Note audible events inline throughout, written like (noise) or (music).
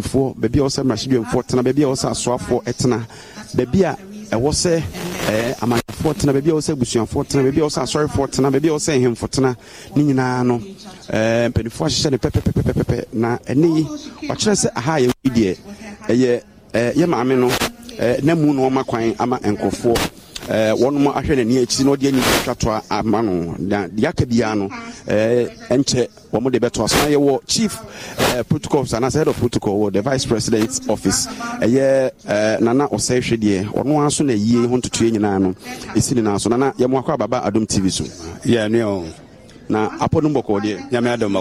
mfoɔ baabi a wɔsɛ mmarahyɛdwamfoɔ tena baabi a wɔsɛ asoafoɔ tena baabi a ɛwɔ sɛ ɛɛ eh, amanfoɔ tena baabi a wɔsɛ abusuafoɔ tena baabi a wɔsɛ asɔrefoɔ tena baabi a wɔsɛ ahemfo tena ne nyinaa no ɛɛ eh, mpanimfoɔ ahyehyɛ no pɛpɛpɛpɛpɛ na ɛne yi wakyerɛ sɛ aha yɛ wei deɛ ɛyɛ ɛɛ eh, yɛ maame no ɛɛ na mu ama wɔma kwan ama nkurɔfoɔ Eh, wɔnom ahwɛ n'ani akyi na ɔde ani atwa ama no na deɛ no ɛnkyɛ eh, wɔn de bɛto aso na yɛwɔ chief eh, protocol officer anaasɛ head of protocol wɔ the vice president office ɛyɛ nana ɔsɛhwɛ deɛ ɔno ara na yie ho ntotoeɛ nyinaa no ɛsi ne na so nana yɛmo ababa adom tv so na apɔ no deɛ nyame adom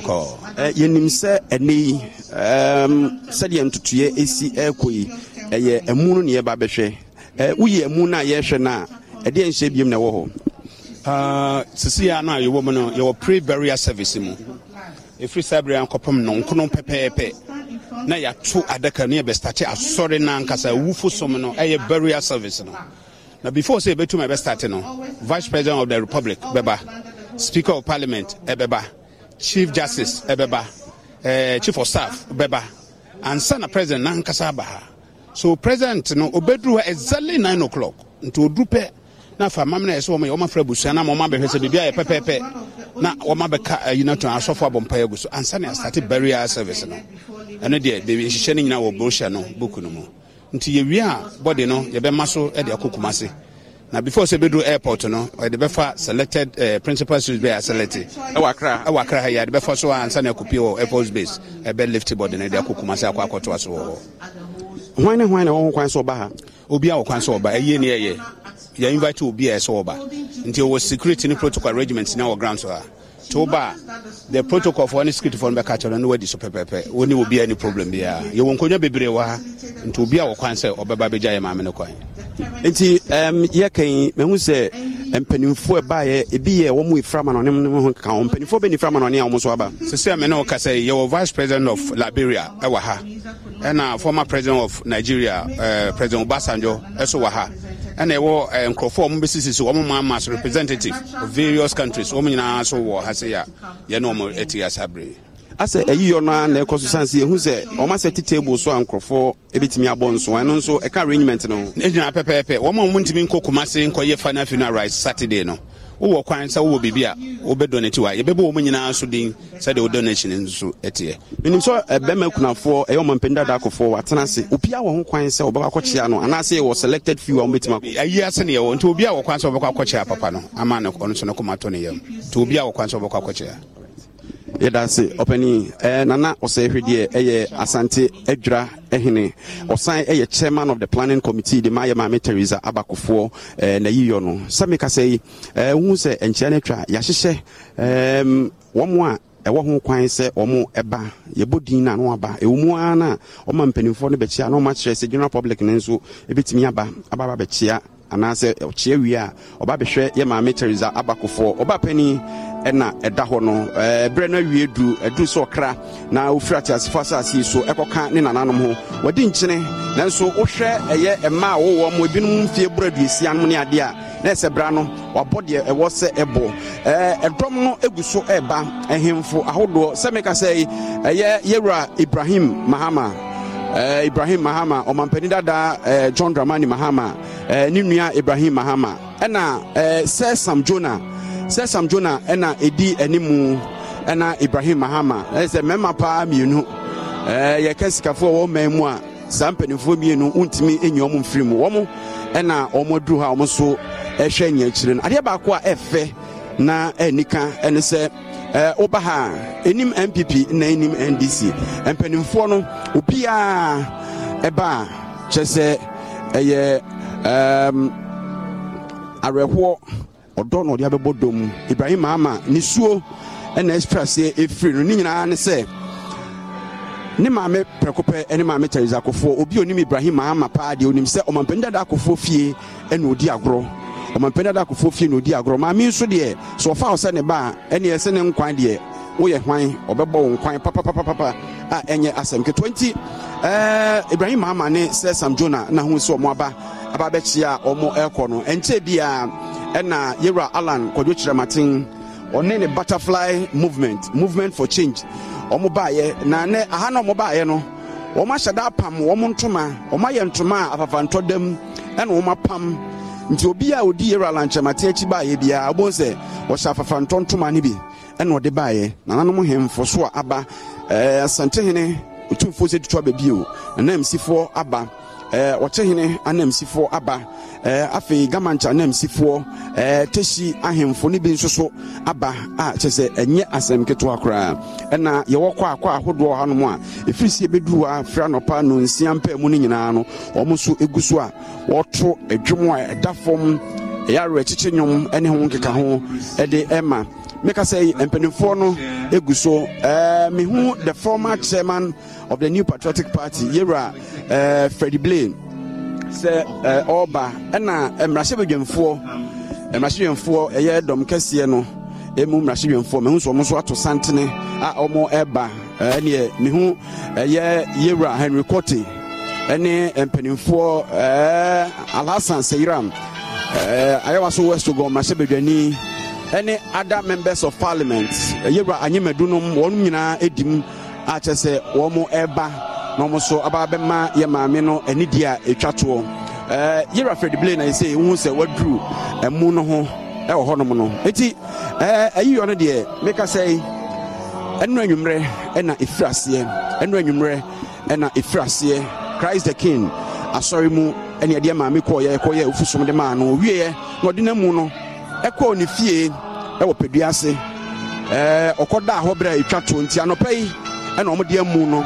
yɛnim sɛ ɛnɛ yi sɛdeɛ ntotoeɛ ɛsi ɛrekɔ yi ɛyɛ ɛmu no ne yɛba bɛhwɛ Eh, woyɛ mu no a yɛhwɛ no a ɛdeɛ nhyɛ biom na ɛwɔ hɔ ah, sisia no a yɛwɔ mu no yɛwɔ pre barrier service mu ɛfiri saa berɛ ankɔpem nonkono pɛpɛɛpɛ na yɛato adaka no yɛbɛstate asɔre no ankasa awufo som no ɛyɛ burial service no na before sɛ yɛbɛtum ɛbɛstate no vice president of the republic bɛba speaker of parliament ɛbɛba chief justice ɛbɛba eh, chief of staff bɛba ansa na president nankasa aba ha so president no obɛduru hɔ exactly nine o'clock nti ɔduru pɛ na fa mam no ɛsɛ wɔm yɛ ɔmafra abusua na ma ɔmabɛhwɛ sɛ biribi ayɛ pɛpɛɛpɛ na wɔmabɛka ayinaton asɔfo abɔmpaeɛ agu so ansa ne astate burial service no ɛno deɛ baabi nhyehyɛ no nyinaa wɔ brosha no book no mu nti yɛwie a bɔde no yɛbɛma so de akɔ kumase na before sɛ bɛduru airport no yɛde bɛfa selected uh, principal suits bi a select ɛwɔ akra ɛwɔ akra ha yɛde bɛfa so a ansa ne wɔ airport base ɛbɛ lift bɔde no de akɔ kumase akɔ akɔtoa so wɔ hɔ hwan ne hwan na wɔn kwan sɛ ɔba ha obi a wɔkwan sɛ ɔba ɛyie ne ɛyɛ yɛ invite obi a ɛsɛ ɔba nti ɔwɔ security ne protocol regiment na wɔ ground so ha nti woba the protocol for ne security for no bɛka kyerɛ no wadi so pɛpɛpɛ wo ne obi a ne problem biara yɛwɔ nkonnwa bebree wɔ nti obi a wɔkwan sɛ ɔbɛba bɛgya yɛ maame no kwan nti um, yɛkan mahu sɛ mpanimfoɔ ɛbaeɛ ebi yɛ wɔn efra ma nɔne ne ho ka ho mpanimfoɔ bɛ nifra ma a wɔn nso aba. sisi ame na ɔkasa yi yɛwɔ vice president of liberia ɛwɔ ha ɛna former president of nigeria ɛɛ eh, president obasanjo ɛso wɔ ha ɛna ɛwɔ ɛɛ eh, nkurɔfoɔ a wɔn bɛsisi so wɔn mu as representative of various countries wɔn nyinaa nso wɔ ha se a yɛne wɔn ɛti asa asɛ eyi yọ a na ɛkɔ so san sɛ yɛhu sɛ ɔma sɛ te table so a nkurɔfoɔ ɛbɛtumi abɔ nso ɛno nso ɛka arrangement no ɛgyina pɛpɛɛpɛ wɔma ɔmo ntumi nkɔ kuma se nkɔyɛ final funeral rice saturday no wowɔ kwan sɛ wowɔ biribi a a donation nso ɛteɛ ɛyɛ dada akɔfoɔ ase a ho kwan sɛ akɔkyea no anaasɛ yɛwɔ selected few a ase ne yɛwɔ nti obi a sɛ akɔkyea papa no ama yɛda ase ɔpani eh, nana ɔsɛhwɛ deɛ ɛyɛ asante adwira eh, ɔsan ɛyɛ chairman of the planning committee de maayɛ maame teresa abakofoɔ nayiyɔ no sɛ mekasa yi wohu sɛ nkyia no atwa Wɔn mu a ɛwɔ ho kwan sɛ ɔmo ɛba yɛbɔ din na ano aba ɛwɔ mu ara no a ɔma mpanimfoɔ no bɛkyia na ɔmakyerɛ sɛ general public no nso ɛbɛtumi aba ababa bɛkyia anaasɛ ɔkyeɛ wie a ɔba bɛhwɛ yɛ maame teresa abakofoɔ ɔba pani ɛna ɛda hɔ no berɛ no awie duru aduru sɛ ɔkra na wofiri ateasefo asase yi so ɛkɔka ne nananom ho wɔde nkyene nanso wohwɛ ɛyɛ ɛma a wowɔ mo ebinom mfie borɔ aduasia nom ne adeɛ a na ɛsɛ bra no wabɔ deɛ ɛwɔ sɛ ɛbɔ ɛdɔm no egu so ɛreba ɛhemfo ahodoɔ sɛ meka sɛ ɛyɛ yɛwura ibrahim mahama eh, ibrahim mahama ɔmampanin dada eh, john dramani mahama eh, ne nua ibrahim mahama ɛna eh, eh, sɛ sam jona sɛ sam jona ɛna ɛdi animu ɛna ibrahim mahama ɛyɛ sɛ mmarima paa mmienu eh, yɛka sikafoɔ a wɔn mu a saa mpanimfoɔ mmienu wontumi nyi wɔn mfiri mu wɔn ɛna wɔn aduru hɔ a wɔn nso ɛhwɛ nea akyire no adeɛ baako a ɛfɛ na ɛnika ɛne sɛ. woba eh, ha ɛnim npp na ɛnim ndc mpanimfoɔ no obiara ɛba a kyerɛ sɛ ɛyɛ ehm, awerɛhoɔ ɔdɔ na ɔde abɛbɔ dɔm ibrahim ama nisuo ɛna ɛfiri aseɛ ɛfiri no ne nyinaa ne sɛ ne maame prɛkopɛ ne maame teresa akofoɔ obi onim ibrahim ama paa deɛ onim sɛ ɔmampanin dada akofoɔ fie ɛna ɔdi agorɔ ɔmampani adakɔfoɔ fie na ɔdi agorɔ maame nso deɛ sɛ ɔfa wo sɛ ne ba a ɛneɛ sɛ ne nkwan deɛ woyɛ hwan ɔbɛbɔ wo nkwan papapapapa a ɛnyɛ asɛm ketewa nti ibrahim mahama ne sɛ sam jona na ho sɛ ɔmo aba aba bɛkye a ɔmo ɛrekɔ no ɛnkyɛ biara ɛna yɛwura alan kwadwo kyerɛmaten ɔne ne butterfly movement movement for change ɔmo baayɛ na nɛ aha na ɔmo baayɛ no wɔn ahyɛ da apam wɔn ntoma wɔn ayɛ ntoma a apapantɔ dam ɛna wɔn apam nti obi a odi yɛrɛ alankyɛmate akyi baayɛ biara abo sɛ wɔhyɛ afafa no bi ɛna ɔde baayɛ nananom hemfo so a aba ɛɛ asantehene otumfoɔ sɛ tutu aba bio ɛnna msifoɔ aba ɔkyɛhene eh, anamsifoɔ aba eh, afei gamankyɛ anamsifoɔ eh, tɛhyi ahemfo no bi nso so aba a ah, kyɛ sɛ ɛnyɛ asɛm ketewa koraa ɛna yɛwɔ kɔ akɔ ahodoɔ hanom a ɛfiri sie bɛduru a fra nɔpa no nsia mpaa mu no nyinaa no ɔmo nso ɛgu so a wɔto adwom a ɛda fam ɛyɛ awerɛkyekye nnwom ne ho nkeka ho ɛde ɛma meka sɛ mpanimfoɔ no gu so mehu the former chairman of the new patriotic party yɛwura uh, freddy blaine sɛ ɔreba uh, ɛna mmarahyɛbadwamfoɔ mmarahyɛbadwamfoɔ ɛyɛ dɔm kɛseɛ no ɛmu mmarahyɛbadwamfoɔ mehu sɛ ɔmo nso ato santene a ɔmo ɛreba ɛneɛ mehu ɛyɛ yɛwura henry cote ɛne mpanimfoɔ alhassan seiram ayɛwa so west ogon mmarahyɛbadwani ne Ada members of parliament yɛwura anyemadunom wɔn nyinaa edim a kyerɛ sɛ wɔn ɛreba na wɔn nso aba abɛma yɛ maame no anidie a etwa toɔ eh, yɛwura fred blay na ɛsɛ ehu sɛ waduru ɛmu no ho ɛwɔ hɔnom no eti ɛɛ eh, ayiwa no deɛ meka sɛ ɛnu anwummerɛ ɛna efiri aseɛ ɛnu anwummerɛ ɛna efiri aseɛ christ the king asɔre mu ɛna yɛde maame kɔɔ yɛ kɔɔ yɛ ofusom de maa no owieɛ na ɔde na mu no. ɛkɔɔ ne fie ɛwɔ padua ase ɛɛ ɔkɔda hɔ berɛ ɛtwa to nti anɔpɛ yi ɛna ɔmo deɛ mu no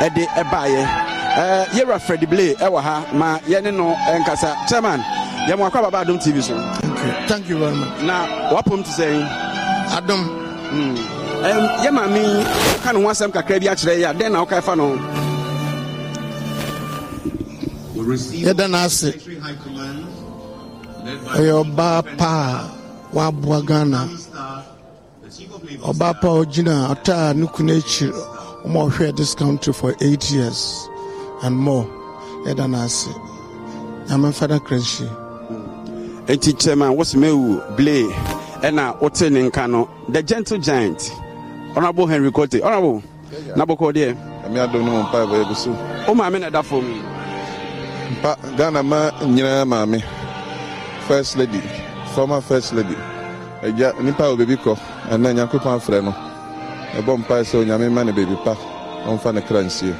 ɛde ɛbaeɛ ɛɛ yɛwura fred ɛwɔ ha ma yɛne no ɛnkasa chairman yɛmo akɔ ababa adom tv so thank you very much na wapom te sɛn adom hmm. yɛ maame ka ne ho asɛm kakra bi akyerɛ yɛ a dɛn na wokae fa no yɛda no ase ɔyɛ ɔbaa pa a waboa ghana ɔbaa pa ɔgyina ɔtaa ne kunu akyiri ɔhwɛ this country for eight years and more ɛda no ase nyame mfa da kra nhyie ɛnti kyerɛma wosomawu ɛna wote ne nka no the gentle giant honorable henry cote honorable nabɔkɔ deɛ ɛme adom no mu mpa ɛbɛyɛ bi so wo maame na ɛda fam mpa ghana ma nyinaa maame first lady former first lady agya nipa a obebi kɔ ɛnna nyankopɔn afrɛ no ɛbɔ mpae sɛ onyame ma ne baabi pa ɔmfa ne kra nsie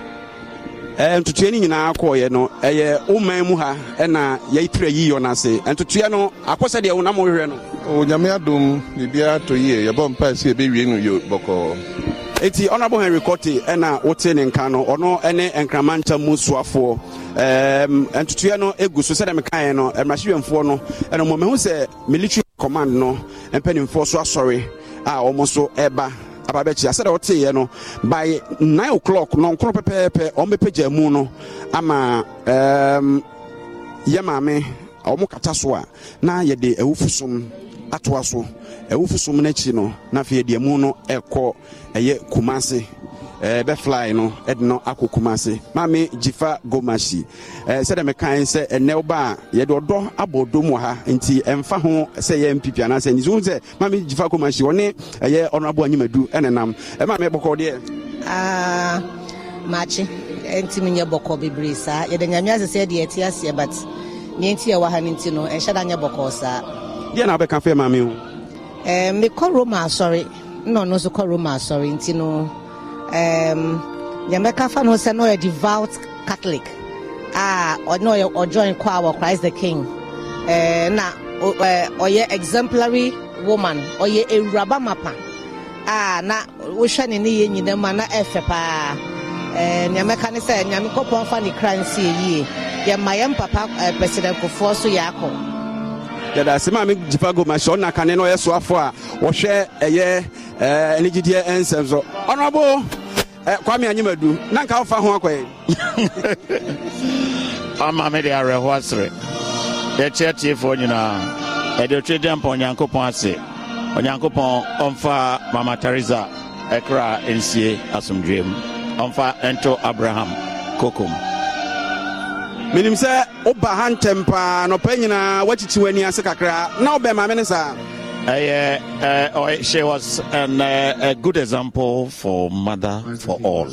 ntotoa no nyinaa kɔɔyɛ no ɛyɛ woman mu ha ɛna yɛpira yiyɔ no ase ntotoa no akɔ sɛdeɛ wonam wohwehwɛ no onyame adom biribiara yie yɛbɔ mpa sɛ yɛbɛwie no yɛ bɔkɔɔ eti honorable henry cote ɛna wote ne nka no ɔno ne nkrama ntam mu soafoɔ ntutuɛ no egu so sɛdeɛ mekaeɛ no mmarahyɛwɛmfoɔ no ɛno mmom mehu sɛ military command no mpanimfoɔ so asɔre a wɔn so ɛba ababɛkyi asɛdeɛ woteeɛ no by nine o'clock pɛpɛɛpɛ wɔn bɛpɛgya mu no ama yɛ maame wɔn kata so a na yɛde atoa so ɛwofosom no akyi no na afei deɛ mu no ɛkɔ ɛyɛ kumase ɛbɛ fly no ɛde no akɔ kumase maame jifa gomasi ɛɛ sɛdeɛ mekan sɛ ɛnɛ ɔba a yɛde ɔdɔ abɔ dom wɔ ha nti ɛnfa ho sɛ yɛ npp anaasɛ nti wohu sɛ maame jifa gomasi ɔne ɛyɛ ɔnabo anyimadu ɛnenam ɛmaame bɔkɔ deɛ. aa ah, maakye ntumi nyɛ bɔkɔ bebree saa yɛde nyamea sɛ sɛ deɛ ɛte aseɛ but nea nti yɛwɔ ha no nti no ɛnhyɛ da nyɛ bɔkɔ saa. deɛ na wobɛka fɛ ma me o um, mekɔ roma asɔre na ɔno nso kɔ roma asɔre nti no um, deɛ mɛka fa no sɛ na devout catholic a ɔne ɔyɛ ɔjoin kɔ a wɔ christ the king uh, na ɔyɛ uh, exemplary woman ɔyɛ ewuraba mapa a na wohwɛ ne ne yɛ nyinaa a na ɛfɛ paa nyameka ne sɛ nyame kɔpɔn fa ne kra nsie yie yɛma yɛn papa president kofoɔ so yɛ akɔ yɛda ase maame gyipa gomahyɛ ɔna kane no ɔyɛ soafo a wɔhwɛ ɛyɛ anigyideɛ nsɛm so ɔnɔbo kwame adu na nka wofa ho akɔɛ (laughs) ama me de awerɛho asere yɛkyɛ tiefoɔ nyinaa ɛde otwe mpa onyankopɔn ase onyankopɔn ɔmfa mama tarisa ɛkra nsie asomdwee mu ɔmfa ɛnto abraham kokom menim sɛ woba ha ntɛm paa nɔpɛ nyinaa woakyikyi w'ani ase kakra na wobɛ mene ne saa Uh, uh, she was an, uh, a good example for mother for all.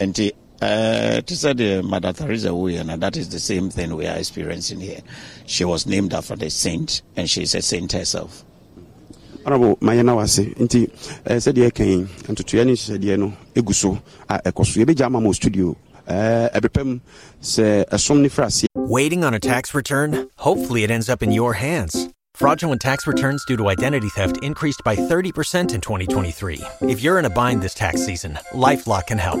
And she, uh, to say the Mother Teresa and that is the same thing we are experiencing here. She was named after the saint, and she is a saint herself. honorable mayɛna wase nti eh, sɛdeɛ ɛka yi ntotoeɛ ne nhyehyɛdeɛ no ɛgu so a ɛkɔ so yɛbɛgya ama studio Eh, Waiting on a tax return? Hopefully it ends up in your hands. Fraudulent tax returns due to identity theft increased by 30% in 2023. If you're in a bind this tax season, LifeLock can help.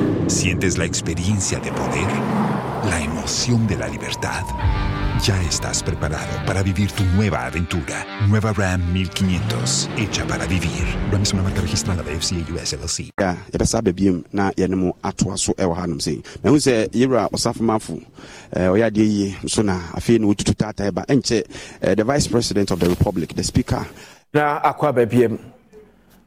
¿Sientes la experiencia de poder? ¿La emoción de la libertad? Ya estás preparado para vivir tu nueva aventura. Nueva Ram 1500, hecha para vivir. Ram es una marca registrada de FCA US LLC. Ya, sabe bebiem na yɛne mu atoa so ɛwɔ eh, hanom sei. Mahu sɛ yɛwura ɔsafomanfo ɔyɛ adeɛ yie nso na afei eh, na wɔtutu eh, the vice president of the republic the speaker na akwa ababiem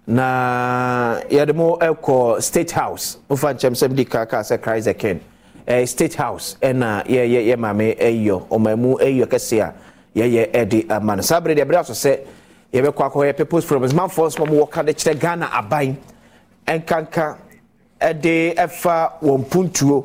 na yɛde mo ɛkɔ state house wofa nkyɛm sɛ kaka sɛ christ the eh, state house ɛna yɛyɛ yɛ maame ɛyɔ ɔmamu ɛyɔ kɛseɛ a yɛyɛ ɛde ama no saa berɛ deɛ ɛberɛ aso sɛ yɛbɛkɔ akɔhɔyɛ pepos from manfoɔ nso ma wɔka de kyerɛ ghana aban ɛnkanka ɛde ɛfa wɔn puntuo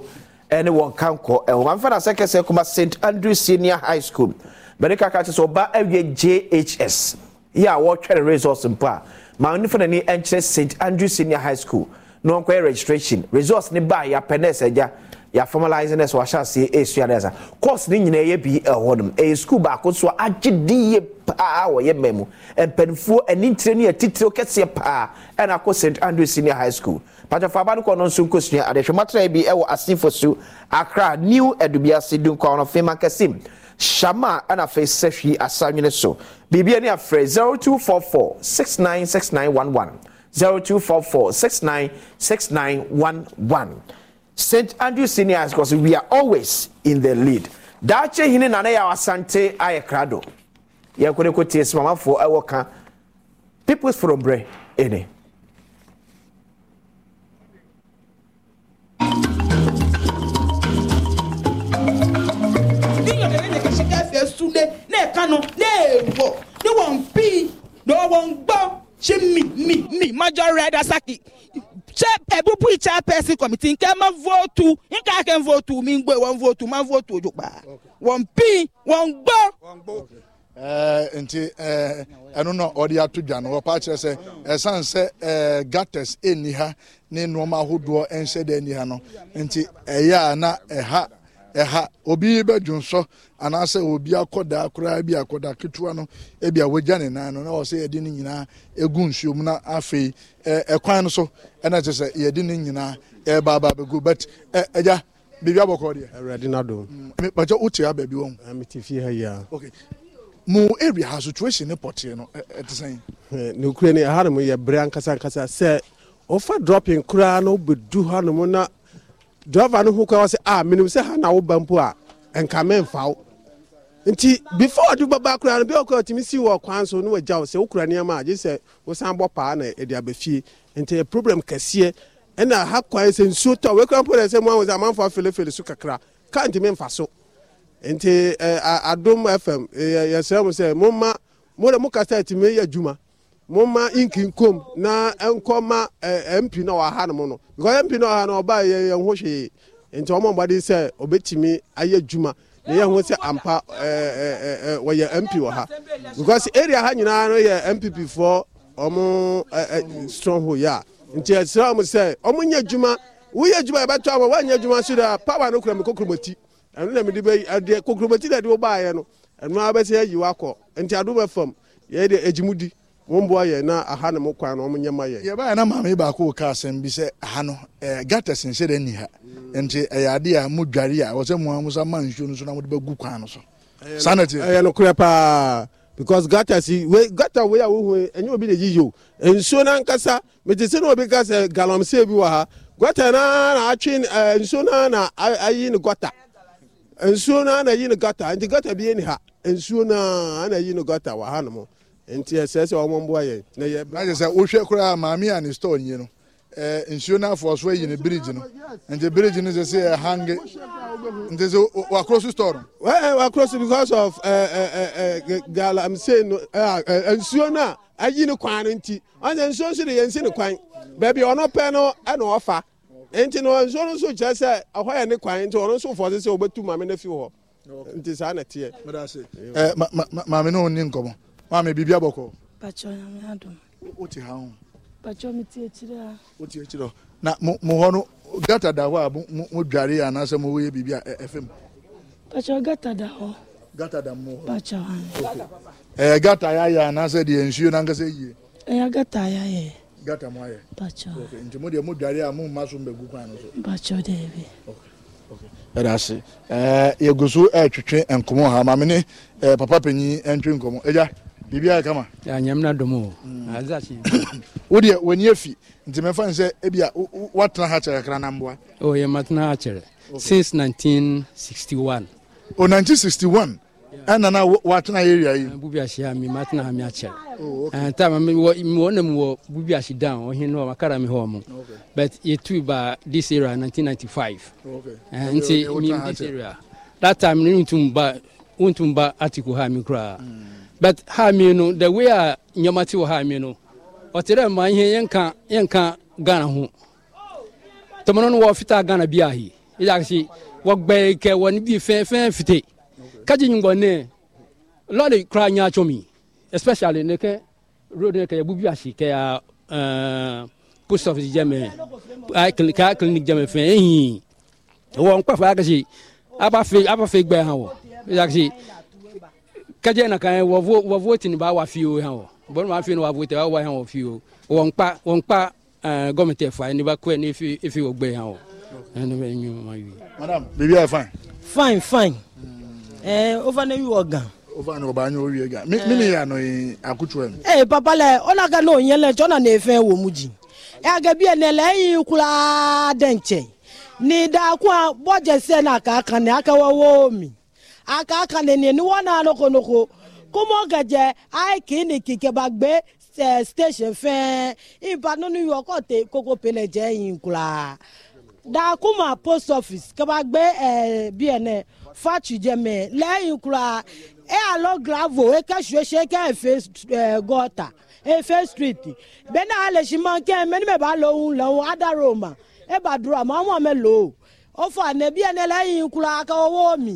ɛne wɔn kankɔ ɛwɔ mamfa na sɛ kɛsɛ kuma st andrew senior high school bɛde kaka kyerɛ sɛ ɔba awie jhs yɛ a wɔtwɛre resource mpo a ma ne fana ni nkyerɛ st andrew senior high school na ɔnkɔyɛ registration results ni ba yɛapɛ ne ɛsɛ gya yɛaformalise ne sɛ wahyɛ aseɛ ɛsua ne ɛsa course ne nyinaa yɛ bi ɛwɔ nom ɛyɛ school baako so agye diye paa wɔyɛ mma mu mpanimfoɔ ani ntire ne atitire kɛseɛ paa ɛna e akɔ st andrew senior high school patwafo aba no kɔ no nso nkɔsua adehwɛmatera bi ɛwɔ e asefo so akra new adubiase dunkɔnɔfema kɛsim shama ɛna afei sɛhwi asanwene so biribia ne afrɛ 0244 696911 st andrew seniors because we are always in the lead daakye hene nane yɛ awasante ayɛ krado yɛnkɔ ne kɔtie smamafoɔ ɛwɔ ka peoples from brɛ ɛne sude ne kanu ne wo ne wɔn pii na wɔn gbɔ ṣe mi mi mi mọjọ rẹ dasaki ṣe ẹbúbú ìṣe pẹ̀sì kọ̀mìtì nkẹ́ mọ vóòtù nkà kẹ́ ń vóòtù mi ń gbé wọn vóòtù má vóòtù ojú pa wọn pín wọn gbọ́. nti ɛno na ɔde ato dwa no wɔpa kyerɛ sɛ ɛsiane sɛ gutters ɛnni ha ne nnoɔma ahodoɔ ɛnhyɛ da ɛnni ha no nti ɛyɛ a na ɛha ɛha obi bɛdwo nsɔ anaasɛ obi akɔda koraa bi akɔda ketewa no ebi a ne na ɔsɛ yɛde ne nyinaa egu nsuo mu na afei ɛkwan e, no so ɛna kyerɛ sɛ ne nyinaa ɛɛbaaba e, bɛgu but ɛ e, ɛgya beebi abɔ kɔɔ deɛ. awurade nadom. pàtɛ mm, o baabi wɔn. ami ti fi ha yia. mu ha situation ne pɔtɛ no ɛ ni ɛha yɛ bere ankasa ankasa sɛ dropping driver no ho kɔ sɛ a ah, menim sɛ ha na woba mpo a nka memfa wo nti before ɔde bɛba koraa no bi ɔkɔ ɔtumi si wɔ kwan so ne wagya wo sɛ wokura nneɛma a gye sɛ wosan bɔ paa na ɛde aba fie nti problem kɛseɛ ɛna ha kwan sɛ nsuo tɔ wɔkura mpo dɛ sɛ mo ahu sɛ amanfoɔ afelefele so kakra ka ntumi mfa so nti adom fm yɛsrɛ mo sɛ momma mo dɛ mokasa yɛ adwuma moma nkinkom na nkɔma e, mp no ɔwɔ ha no no because mp na ɔwɔ ha no ɔba yɛ yɛn ho hwee nti wɔn mmɔden sɛ na yɛn ho sɛ ampa e, e, wɔyɛ mp wɔ ha because area ha nyinaa no yɛ mpp foɔ wɔn yɛ a nti ɛsrɛ wɔn sɛ wɔn nyɛ adwuma adwuma yɛbɛtɔ wɔn nyɛ adwuma so da no kura na mi de bɛ ɛdeɛ wɔmboa yɛ na aha ne mo kwan na ɔmnyɛ ma yɛ yɛbaɛ na maame baako ka asɛm bi sɛ aha no gata sensɛ da ni ha nti ɛyɛ ade a modware a wɔ sɛ moa mo sa ma nsuo no so na mode bɛgu kwan no so saa na tiɛyɛ nokorɛ paa because gata si we gata wei a wohu ɛnyɛ obi na yiyi o nsuo no ankasa mete sɛ ne obi ka sɛ galamsee bi wɔ ha gata na na atwe nsuo na na ayi ne gata nsuo na na yi ne gata nti gata bi yɛ ni ha nsuo na na yi ne gata wɔ ha no nti ɛsɛ sɛ wɔn mboa yɛ na yɛ. n'ahyɛ sɛ wohwɛ koraa maame a ne store nye no ɛɛ nsuo n'afɔ so ayi ne biriji no nti biriji no sɛ sɛ ɛhange nti sɛ wakoro so store no. ɛɛ wakoro so because of ɛɛ ɛɛ galamsey no ɛɛ nsuo no a ayi ne kwan no nti ɔnye nsuo nso de yɛn nsi ne kwan beebi ɔno pɛ no ɛna ɔfa nti no nsuo no nso kyerɛ sɛ ɛhɔ yɛ ne kwan nti ɔno nso fɔ sɛ sɛ obetu maame no fi hɔ nti saa na teɛ. maame no ni nkɔmɔ maame biribi abɔkɔ pakyɛ nyame adom wote ha ho pakyɛ mete akyirɛ a wote akyirɛ na mo hɔ no gata da hɔ a modware yɛ anaasɛ mowɔyɛ biribi a ɛfem pakyɛ gata da hɔ gata da mo pakyɛ ɛyɛ gata yɛayɛ anaasɛ deɛ nsuo no ankasɛ yie ɛyɛ gata yɛayɛ gata mo ayɛ pakyɛ nti mo deɛ modware a momma so mbɛgu kwan no so pakyɛ daabi ɛda ase yɛgu so ɛtwetwe nkɔmmɔ ha ma me ne papa panyin ntwe nkɔmmɔ agya biribi ayɛ kama anyam no adom o mm. (coughs) wodeɛ w'ani afi nti mɛmfa ne sɛ ebia woatena ha kyerɛ kakra na mboa o yɛmatena ha kyerɛ since 1961 o 1961 ɛna na watena area yi bubiahye a mematena ha me akyɛre oh, time wɔna mu wɔ bubiahye down ɔhene hɔ makara me hɔ mu but yɛtui ba this era 1995 nti mim this area that time ne wontum ba wontum ba article ha me koraa mm. but ha mmienu the way a nneɛma te wɔ ha mmienu ɔte dɛ mmaa ihe yɛnka yɛnka ghana ho tɔmɔnɔ no wɔfita ghana bi ahi yɛ akasi wɔgbɛɛ kɛ wɔn bi fɛn fɛn fite kagye nyingbɔ ne lɔri kura nya especially ne kɛ road ne kɛ yɛ bubu ahyi kɛ ya ɛɛ uh, post office jɛmɛ ayi clinic ayi clinic jɛmɛ fɛn ehin wɔn kpɛfɛ akasi aba fe aba fe gbɛɛ ha wɔ yɛ akasi. kɛjɛ na kan wɔ vo b'a wa fi o hɛn o bɔn ma fi ni wa b'a wa hɛn fi o wɔn kpa ɛɛ gɔmɛnti ɛfua n'i ba n'i e e gbɛ hɛn ɛn madam bibi y'a fain. fain fain ɛɛ o fana gan. o fana o y'o gan min nɔ ye a ee papa lɛ o na ka n'o ɲɛlɛ jɔn na ne ye fɛn wo mu ɛ yɛ e y'i kula cɛ ni bɔ jɛ a ka kan ne ne ni wana no ko no ko gẹjẹ a kì í ni kìkẹba gbé station fẹn ìbànú ni yọ kọ tẹ kókó pẹlẹ jẹ yín kura dakuma post office kẹba gbé ẹ eh, bnn fati jẹmẹ lẹyìn kura ẹ e alọ gravel ẹ kẹsùn ẹ kẹ ẹ fẹ eh, ẹ gọta efe street bẹ́ẹ̀ni a lè ṣe máa ń kẹ́ ẹ mẹ́ni bẹ́ẹ̀ bá lọ òun lọ́wọ́ adarò mà ẹ bá dúró àmọ́ àwọn ọmọ ẹ lò ó ó fọ àná bí ẹni kura ká owó mi.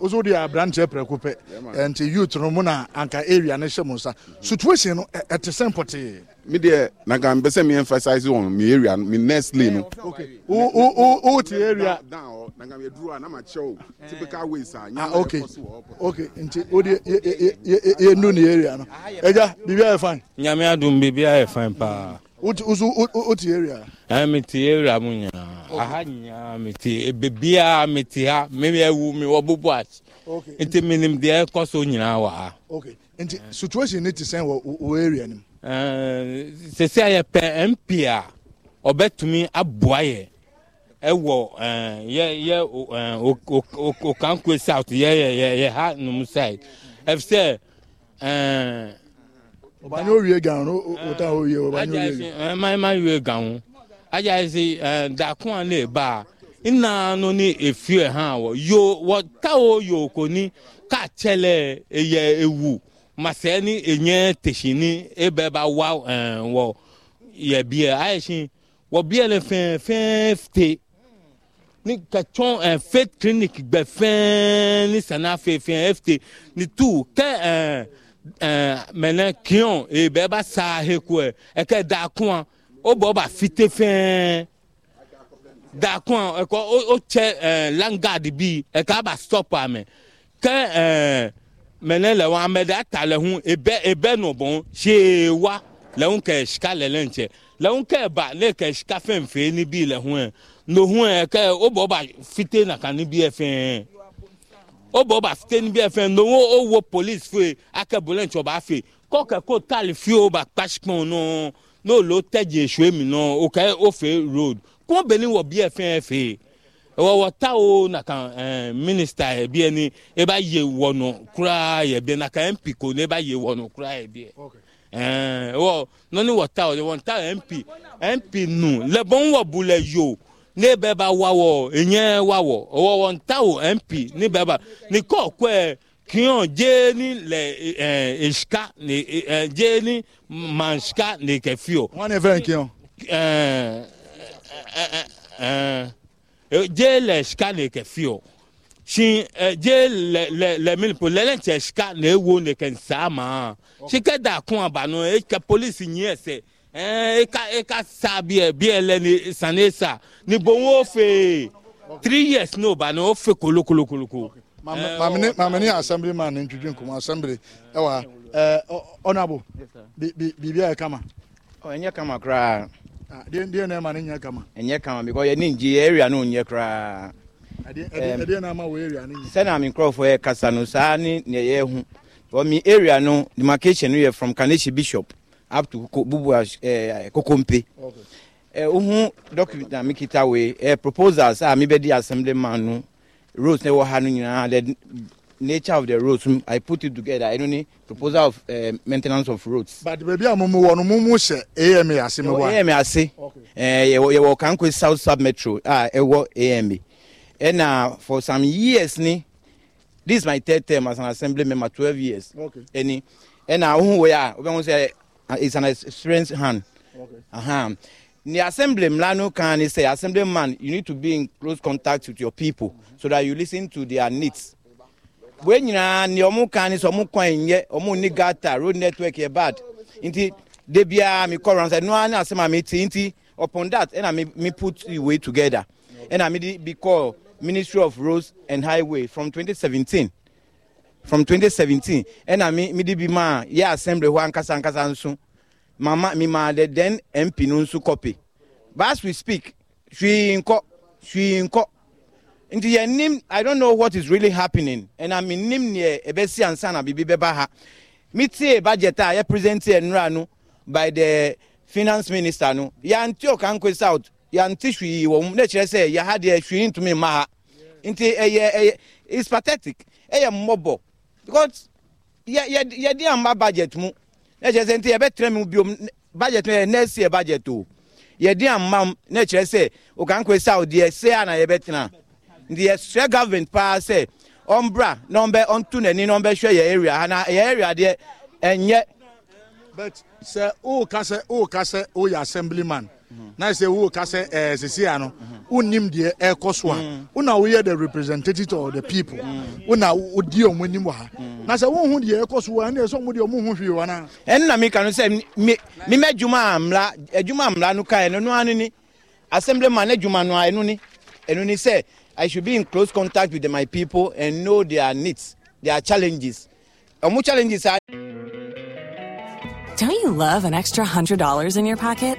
wo deɛ aberanteɛ prɛko pɛ nti youth no mu na anka area no hyɛ mu nsa situation no ɛte sɛ mpɔtee medeɛ nanka mpɛ sɛ meemphasise on me area me next lay no wote area ok nti wode yɛnu ne area no agya biribiayɛ fine nyame adom biribiayɛ fine paa wote area ah, mete area m aha nyinaa mete bebiaa mete ha meme nti menim deɛ ɛkɔ so nyinaa wɔ ha nti situation ne te sɛn wɔ area no eh, e eh, eh, mu sɛsɛ a yɛpɛ mp a ɔbɛtumi aboa yɛ ɛwɔ yɛ yɛ okankwe south yɛ yɛ yɛ ha nom side ɛfisɛ ọba ní òwìye gan o ọ̀tá òwìye ọba ní òwìye gan. ẹ má má gan o ajá yẹ sẹ ẹ dàkún àlẹ bá a nna no ní èfi ẹ hàn wọ yo wọ táwo yòó kò ní ká tẹlẹ ẹyẹ ewu ni ní ẹnyẹ tẹsí ní ẹbẹ bá wà ẹ wọ yẹ bí ẹ ayẹ sẹ wọ bí ẹ lẹ fẹn fẹn tẹ ní kẹtọn ẹ faith clinic gbẹ fẹn ní sànà fẹn fẹn ẹ tẹ ní tù kẹ ɛɛ mɛnɛ kiɔn ee bɛɛ ba saa hekoɛ ɛkɛ daakuan o bɔ ba fite fɛn daakuan ɛkɔ o o cɛ ɛɛ langard bi ɛkɛ a ba stop a mɛ kɛ ɛɛ mɛnɛ lɛ wɔn amɛ de ata lɛ ho ebɛ ebɛ nɔ bɔn see wa lɛ ho kɛ sika lɛ lɛ nkyɛ lɛ ho kɛ ba ne kɛ sika fɛn fɛn ni bi lɛ ho yɛ no ho yɛ kɛ o bɔ ba fite naka ni bi yɛ fɛn obo ba steni bi efen no wo wo police fe ake bolen cho ba fe ko ke ko tal fi o ba pashpon no no lo teje esu mi no o ke o fe road ko beni wo bi efen fe e e wo wo ta o na kan eh minister e bi eni e ba ye wo no kura ye bi na kan mp ko ne ba ye wo no kura e bi okay eh e wo no ni wo ta o won ta mp mp nu le bon wo bu le yo ne bɛɛ b'a wawɔ enyɛ wawɔ wɔwɔ ntawo mp ne bɛɛ b'a ne kɔ kɔɛ kiɲɔ jeeni lɛ ɛɛ esika ne ɛɛ jeeni mansika ne kɛ fiyɔ. wọn ni fɛn kiɲɔ. ɛɛ ɛɛ ɛɛ jee lɛ esika ne kɛ fiyɔ si ɛ jee lɛ lɛ lɛ mili po lɛlɛ cɛ esika ne wo ne kɛ nsa ma si da kun a ba nɔ e kɛ polisi nyiɛ sɛ. ɛɛ eh, e ka e ka sa biɛ biɛ lɛ ni sanni ni bon o fɛ three years n'o ba ni o fɛ kolo kolo maame ni assembly man ni ntutu nkuma assembly ɛwà ɛɛ ɔnabo bi bi bibi ayɛ oh, kama. ɔ n yɛ kama koraa. deɛ deɛ na ɛma ne nyɛ kama. n yɛ kama because yɛ ni nji area n'o nyɛ koraa. ɛdeɛ na ama wɔ area ne nyɛ. sɛnɛ ami yɛ kasa saa ni nea yɛ wɔ mi area no demarcation yɛ from kaneshi bishop. up to koko bubu uh, uh kokompe wohu okay. uh, document na mekita wei uh, proposals a uh, mebɛdi assembly ma no roads na ɛwɔ ha no nyinaa the nature of the roads um, i put it together ɛno ne proposal of uh, maintenance of roads. but baabi a mumu wɔ no mumu hyɛ ama ase mu wa. ama ase yɛwɔ eh, yɛwɔ kankwe south sub metro ah, e a ɛwɔ ama ɛna eh, for some years ni this is my third term as an assembly member twelve years. ɛni eh, ɛna ohun wo ya obɛn ko sɛ. Ah, is an experienced hand. Okay. Uh-huh. The assembly mlanu can say, assembly man, you need to be in close contact with your people mm-hmm. so that you listen to their needs. When you are near Mukan is Omukwan, yet Omunigata, road network, you're bad. Indeed, they be a ah, me current, and no one has my meeting. Upon that, and I may put the way together. And I may be called Ministry of Roads and Highway from 2017 from 2017 ɛna me mede bi ma a yɛ assembly hɔ ankasa ankasa nso mama memaa the then mp no nso copy but as we speak she hwee nkɔ hwee Into your name, i don't know what is really happening And I mean, name ɛbɛsi ansa na biribi bɛba ha metee budget a yɛpresente nnura no by the finance minister no yɛante ɔkanko south yɛante hwee wɔ mu na kyerɛ sɛ yɛha deɛ hwee ntumi mma ha nti ɛyɛ ɛyɛ is pathetic ɛyɛ mmɔbɔ because yɛde amma budget mu na kyerɛ sɛ nti yɛbɛtrɛ mu biom budget no yɛ next year budget o yɛde ma m na kyerɛ sɛ okankoe sa deɛ sɛ a na yɛbɛtena nti yɛsrɛ government paa sɛ ɔmbra na ɔmbɛ ɔnto n'ani na ɔmbɛhwɛ yɛ area ha na yɛ area deɛ ɛnyɛ but sɛ woka sɛ woka sɛ woyɛ assemblyman na sɛ wo ka sɛ ɛɛ eh, sesia no wonim deɛ ɛkɔ so a mm. wona woyɛ the representative of the people mm. wona wodi ɔmo anim wɔ ha mm. na sɛ wohu deɛ ɛkɔ so a ɛne ɛsɛ ɔmo deɛ ɔmo ho hwee wɔna ɛno na meka no sɛ memɛ dwuma a mmra adwuma a mmra no kaɛ no no ano ni assemblyman adwuma no a ni ɛno ni sɛ i should be in close contact with my people and know their needs their challenges ɔmo challenges are don't you love an extra $100 in your pocket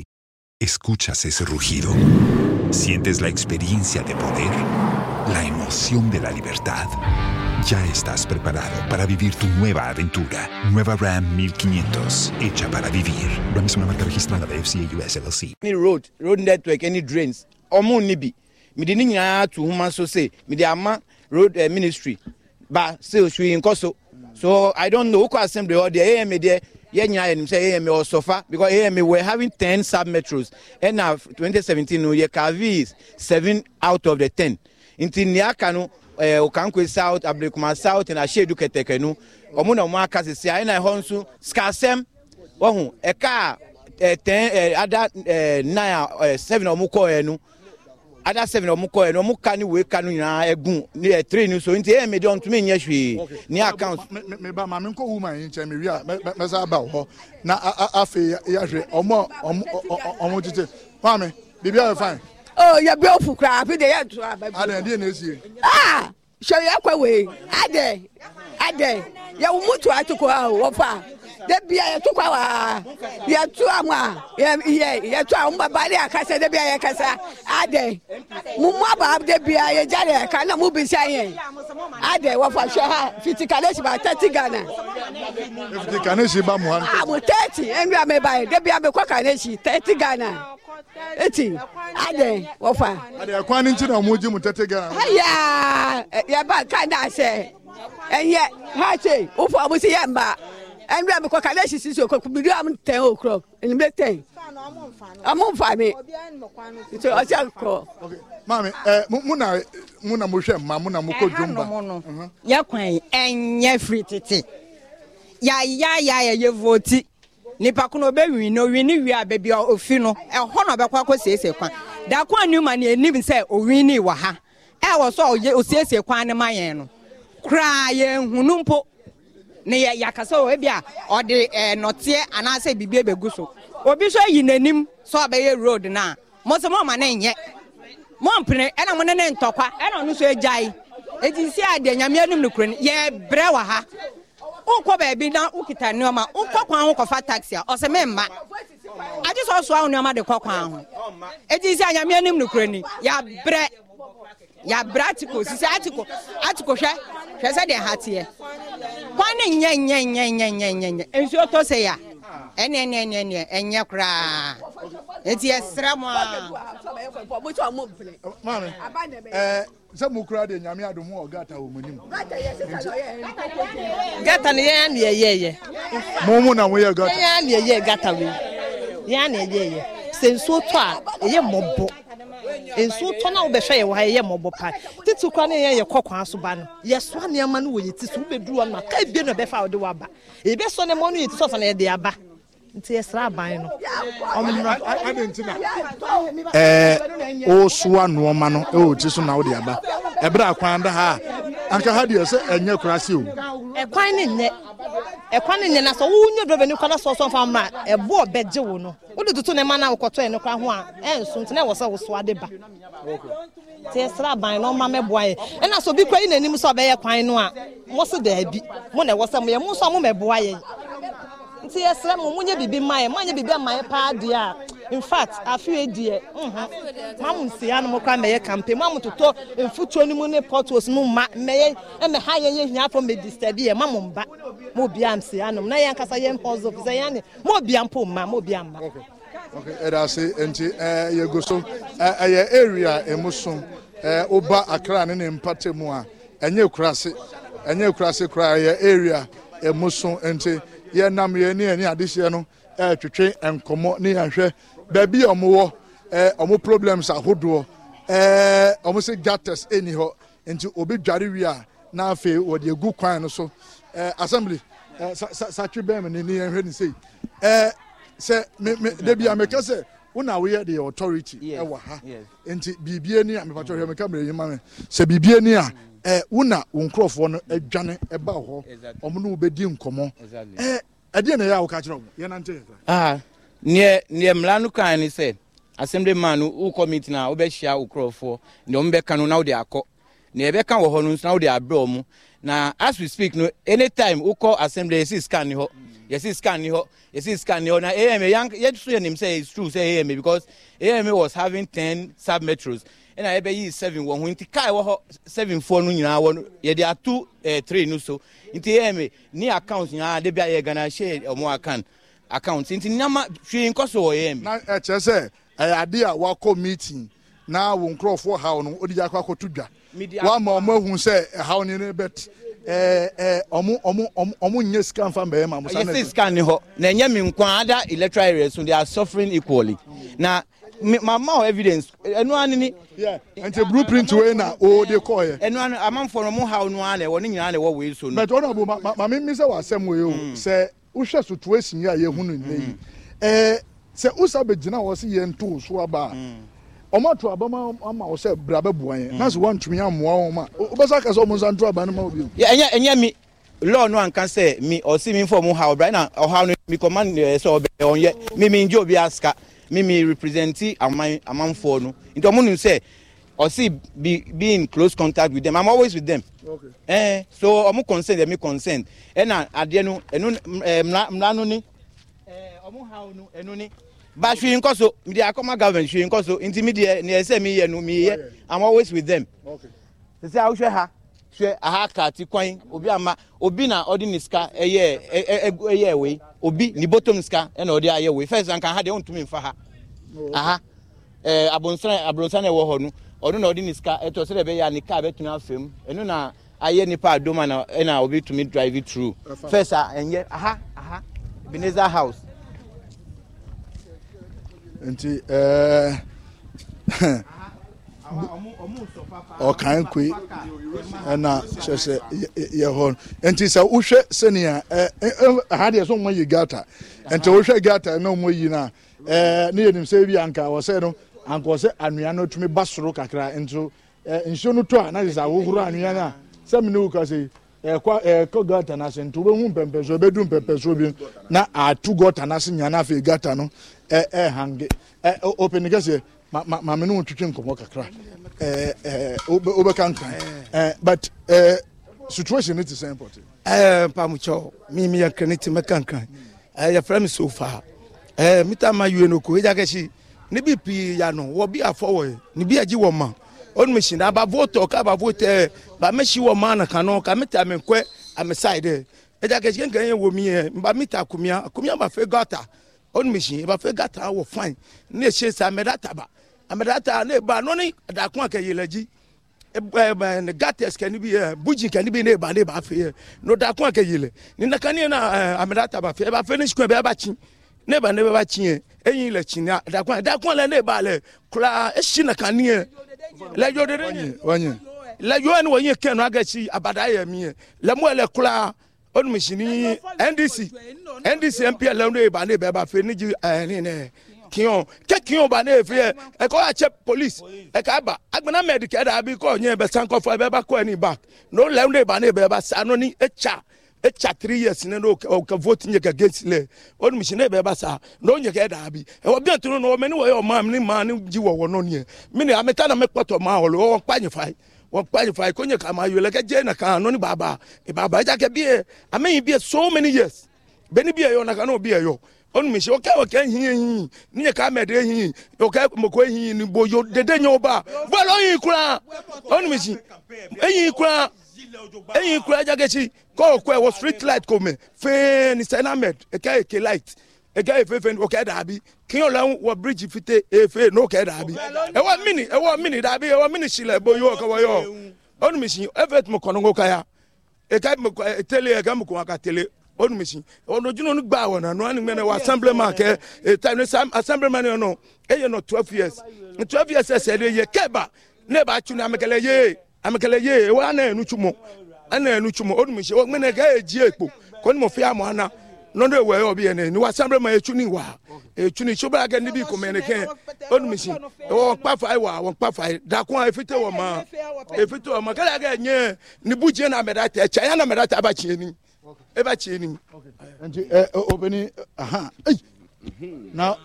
Escuchas ese rugido. Sientes la experiencia de poder, la emoción de la libertad. Ya estás preparado para vivir tu nueva aventura. Nueva Ram 1500, hecha para vivir. Ram es una marca registrada de FCA US LLC. Any road, road network, any drains. Omo nibi. Me de nyinaa to huma so say, mi de ama road eh, ministry. Ba say so in so. So I don't know who assembly asamblea? the me there. yɛn nyinaa yɛ nim sɛ ama ɔsɔfa because ama were having ten sub metros ɛna 2017 no yɛ kavi seven out of the ten nti nea aka no ɛɛ eh, south abirikuma south na ahyedu kɛtɛkɛ no ɔmo na ɔmo aka sisi a ɛna ɛhɔ nso skasɛm wɔho ɛka a eh, ɛɛ ten ɛɛ eh, ada ɛɛ eh, nine a seven a ɔmo kɔɔ no ada seven ɔmo kɔ yɛ na ɔmo ka ni wee ka no nyinaa ɛgun ne yɛ three ni so nti ɛyɛ e, mi de ɔntumi nyɛ hwee ni account. mɛ ba maame nko wu maa yi nkyɛn mɛ wia mɛ sa ba wɔ na afei yahwɛ ɔmo ɔmo ɔmo tete maame bibi ayɛ fine. o oh, yɛ bi ofu kura afi de yɛ tura bɛbi. adɛ diɛ na esie. aa ah, sɛ yɛ kɔ wee adɛ adɛ yɛ wumu tu atukɔ a wɔfa dabi a yɛtu kwa waa yɛtu a mu a yɛ yɛtu a mu ba baali a kasa dabi a yɛ kasa adɛ mu mu aba dabi a yɛ gya dɛ ka na mu bi sa yɛ adɛ wɔfɔ hwɛ ha fiti kanesi ba tɛti gana. fiti kanesi ba mu ha. a mu tɛti ɛnwi a mi ba yɛ dabi a mi kɔ kanesi tɛti gana eti adɛ wɔfɔ. adɛ kwan ni n ti na mu ji mu tɛti gana. ayaa yaba kan sɛ ɛyɛ ha e, se o fɔ a mu si yɛ n ba. ẹnura mi kọ kàdé sisi si okoro mi rí àmì tẹ̀ okoro ẹni mi tẹ̀ nfa mi ṣe ọṣẹ kọ. maami ẹ mu na mu na mo hwẹ mma mu na mo kọ jumba. ẹha nomu no yẹ kwan ẹnyẹ firi tete yaya yaya yẹ voti nipa kono obe win no win ni wi a beebi ofi no ɛhɔ na ɔbɛkɔ akɔ siesie kwan dako anuma na enim sɛ owin ni wɔ ha ɛwɔ so a osiesie kwan ne ma yɛn no koraa yɛn hunu mpo. ne yɛ yaka sɛ obi a ɔde ɛɛ eh, nɔteɛ anaasɛ biribi ebegu so obi nso yi n'anim sɛ ɔbɛyɛ road na mo nso mo ma ne nyɛ mo mpene ɛna mo ne ne ntɔkwa ɛna ɔno nso egya yi eti si adeɛ nyame anum ne kuro no yɛ brɛ ha wokɔ baabi na wokita nneọma wokɔ kwan ho kɔfa taxi a ɔsɛ me mma agye sɛ ɔsoa wo nneɛma de kɔ kwan ho eti si anyame anim ne ya ni yɛ brɛ yɛ brɛ atiko sisi atiko atiko hwɛ hwɛ ha tie. Kwani nyɛ nyɛ nyɛ nyɛ nyɛ nyɛ nyɛ nsuo tɔ se ya ɛnɛ ɛnɛ ɛnɛ ɛnɛ ɛnyɛ koraa eti ɛsrɛ mu a. sɛ mu kura de nyame adomu wɔ gata wɔ mu nim. gata ni yɛn ni yɛ yɛ. mo mu na mo yɛ gata. yɛn ni yɛ yɛ gata wi yɛn ni yɛ yɛ sɛ nsuo tɔ a ɛyɛ mɔbɔ nsuo tɔ na wobɛhwɛ yɛ wɔ ha yɛyɛ mmɔbɔ pa titi kora ne yɛn yɛkɔ kwan so ba no yɛsoa nneɛma no wɔ yɛ ti so wobɛduru hɔ no ma ka ebie na ɛbɛfa a wode waba ebɛsɔ nneɛma no yɛ ti so ɔfa na yɛde aba ntị ɛsra aban no ɛɛ wosoa nnoɔma no ti so na wode aba ɛberɛ akwan da ha a anka ha deɛ sɛ ɛnyɛ kora o ɛkwan ne nyɛ ɛkwan ne nyɛ na sɛ wonyɛ dɔbɛ ni kwana sɔɔsɔ nfa mmerɛ a ɛboɔ bɛgye wo no ne ma a ho a ɛnso nti na ba nti na yi kwan no a na nti yɛsrɛ mo monyɛ biribi ma yɛ moanyɛ biribi ama yɛ paa deɛ a infact afewe deɛ mhm. ma mo nsia no mokɔ mɛyɛ campaign ma mototɔ mfotuo no mu ne potos mu ma mɛyɛ mɛha yɛ yɛ hiafo mɛdistabi yɛ ma mo mba ma obia nsia nom na yɛn ankasa yɛn hɔsɔ fi sɛ yɛne ma obia mpo mma ma obia mma ɛda ase nti eh, yɛgu so ɛyɛ eh, eh, area ɛmu so woba akra ne ne mpata mu a ɛnyɛ kurase ɛnyɛ kurase koraa ɛyɛ area ɛmu so nti yɛnam yɛn ne yɛn ne adehyeɛ no ɛretwetwe nkɔmɔ ne yɛn hwɛ baabi a wɔwɔ ɛɛ wɔn problems ahodoɔ ɛɛ wɔn sɛ gutters ɛni hɔ nti obi dware wie a na afei wɔde egu kwan no so ɛɛ assembly ɛɛ sa sa satwi bɛn mi ni yɛn hwɛ ne sei ɛɛ sɛ me me debi a meka sɛ wona woyɛ de authority ɛwɔ ha nti biribie ni a mepatɔ hwɛ meka mmerɛ yi ma me sɛ biribie ni a. Eh, wuna eh, wo nkurɔfoɔ no adwane ɛba hɔ ɔmo no wobɛdi nkɔmɔ ɛ ɛdeɛ na ɛyɛ a woka kyerɛ nante yɛnante yɛfa ah, neɛ neɛ mmara no kan ne sɛ asɛm de maa no wokɔ meeting a wobɛhyia wo kurɔfoɔ ne ɔmo bɛka no na wode akọ ne ɛbɛka wɔ hɔ no nso na wode abrɛ ɔmo na as we speak no anytime wokɔ asɛm de scan ne hɔ yɛsi scan ne hɔ yɛsi scan ne hɔ na ama yɛn so yɛnim sɛ it's true sɛ ama because ama was having ten sub na yi seven wɔ nti kaa ɛwɔ hɔ seven foɔ no nyinaa wɔ yɛde ato eh, nti yɛn mi ne account nyinaa de bi a yɛ gana hyɛ nti nneɛma wɔ na ɛkyɛ eh, sɛ ɛyɛ eh, ade a wakɔ meeting na wɔn nkurɔfoɔ ha no odi akɔ akɔto wama ehun sɛ bɛt ɛɛ ɛɛ ɔmo ɔmo ɔmo ɔmo nye yɛsi na ɛnyɛ mi nkwan ada ma ma o evidence ɛnu ani ni. nti blueprint wei na o de kɔ yɛ. ɛnu ani amanfo no mu ha onu ani wɔ ne nyinaa na ɛwɔ wei so no. bɛtɛ ɔna bo ma ma mi mi sɛ wɔ asɛm wei o mm. sɛ wohwɛ situation yi a yɛhu no nnɛ yi mm. ɛɛ sɛ usa bɛ gyina wɔ sɛ yɛn to so aba a mm. ɔmo ato aba ma ama wɔ sɛ bra bɛ bua yɛn n'asɛ wɔntumi amoa wɔn a obɛsa kasa ɔmo nsa nto aba ne ma obi o. ɛnyɛ ɛnyɛ mi lɔɔ no anka sɛ mi ɔsi mi fɔ mu ha ɔbɛn na ɔha mi kɔ ma eh, sɛ ɔbɛ ɔnyɛ mi mi n jɛ obi aska mimi representi aman amanfoɔ no nti ɔmo nim sɛ ɔsi be be in close contact with them i'm always with them okay. eh, so ɔmo consent ɛmi consent ɛna adeɛ no ɛnu ɛɛ mla mla no ni ɛɛ Eh, ha no ɛnu ni ba hwee nkɔ so mi de akɔma government hwee nkɔ so nti mi deɛ nea ɛsɛ mi yɛ no mi yɛ i'm always with them sisi ahosuo ha. Okay. hwɛ aha kaate kwan obi ama obi na ɔde ne sika ɛyɛ ɛyɛ ɛwei obi ne bɔtɔm sika ɛna ɔde ayɛ wei fɛs anka ha deɛ ɔntumi nfa ha aha ɛɛ abonsan abonsan ɛwɔ hɔ no ɔno na ɔde ne sika ɛtɔ sɛ ɛbɛyɛ a ne kaa bɛtumi afɛm ɛno na ayɛ nipa adoma na ɛna obi tumi drive through fɛs a ɛnyɛ aha aha ebenezer house. nti ɛɛ. (laughs) ɔkan koe ɛna kyerɛ sɛ yɛ hɔ no nti sɛ wohwɛ sɛnea ha deɛ sɛ ɔmɔ yi gata nti wohwɛ eh, eh, eh, gata na ɔmɔ yi no a ne yɛnim sɛ bi anka wɔ sɛ no anka wɔ sɛ anwea no tumi ba soro kakra nso nsuo no tɔ a na sɛ sɛ ahohoro anwea no a sɛ mene wo ka sɛ ɛkɔ gata no ase nti wobɛhu mpɛmpɛsoɔ bɛdu mpɛmpɛsoɔ bi na ato gata no ase nyane afei gata no ɛhange ɔpɛni kɛseɛ maame no wotwitwe nkɔmmɔ kakra wobɛka eh, eh, nkan eh, but uh, situation no te sɛ important pamukyɛw mimi yɛnkra no tim ɛka nkan yɛfrɛ me sofa meta ma wie no ko ɛgyakɛhyi ne bi pii ya no wɔ bi afɔ wɔ ne bi agye wɔ ma ɔnum hyi na abavoɔ tɔ ka abavoɔ ba mɛhyi wɔ ma na ka no ka meta me nkɔ amesae dɛ ɛgyakɛhyi kɛnkɛn yɛ wɔ mi yɛ mba meta akomia akomia ba fɛ gata ɔnum hyi ba fɛ gata wɔ fain ne ɛhyɛ sa mɛ data ame ɖe ta ne ba nɔni ɖakun ke yi dzi gates kɛ nibi ɛ buji kɛ nibi ne ba ne ba fe ɛ no ɖakun ke yi le ninaka ni na ɛ ame ɖe ta ba fe eba ne sukun bɛ eba tsi ne ba ne bɛ ba tsi yɛ eyin le tsi na ɖakun ɖakun le ne ba le kura esi naka yɛ le de de nye wɔnye le yɔ ni wɔnye kɛ nɔ agɛ abada yɛ mi yɛ le mu yɛ le kura onimisi ni ndc ndc npl ne ba ne bɛ ba fe ne dzi ɛ ne ne kiɔn ke kiɔn ba ne efiɛ ɛkɔ akyɛ polisi ɛka ba agbana mɛdi kɛ da bi kɔ nye bɛ sankɔfɔ ɛbɛ ba kɔ ɛni ba n'o lɛn de ba ne bɛ ba sa anoni etsa etsa three years ne do ka vote nye ka gate lɛ o ni misi ne bɛ ba sa n'o nye kɛ da bi ɛwɔ biɛn tunu n'o mɛ ni wɔyɛ ɔma ni maa ni ji wɔwɔ n'oni yɛ mini ame ta na mɛ kpɔtɔ maa wɔlɔ wɔn kpa nyefa yi wɔn qualify ko nye kama yɔ lɛkɛ jɛ na kan nɔni baaba baaba ɛdja kɛ bie ame yi bie so many years bɛni bie yɔ na kan n'o bie yɔ onumisi oke oke ehihi ehihi niye ka amede ehihi oke moko ehihi ni yo, dede nye oba bọọlụ oyi ikura onumisi eyi ikura eyi ikura jagesi ka okwe wo street light kome fee ni senamed eke eke light eke efe efe oke dabi kiyan lẹhun wọ bridge fite efe n'oke dabi ẹwọ e mini ẹwọ e mini dabi ẹwọ e mini silẹ boyo ọkọwọyọ onumisi efe mokọnugo ya, eke mokọ tele, eke mokọ aka tele. onu mesi ono jino onu gba wana no ani mene wa assemblyman ke e time assemblyman no eye no 12 years twelve years ese de ye keba ne ba chu na amekele ye amekele ye e wa na enu chumo ana enu chumo onu mesi o mene ga eji epo ko ni mo fi amo ana no de we obi ene ni wa assemblyman echu ni wa echu ni chobra ga ni bi ko mene ke onu mesi o e pa wa o pa fa da ko efite wo ma efite wo ma kala ga nye ni buje na medata e cha ya na medata ba chi ni ɛbɛ kyerɛ ni. nti ɛ obìnrin ahan ɛyi na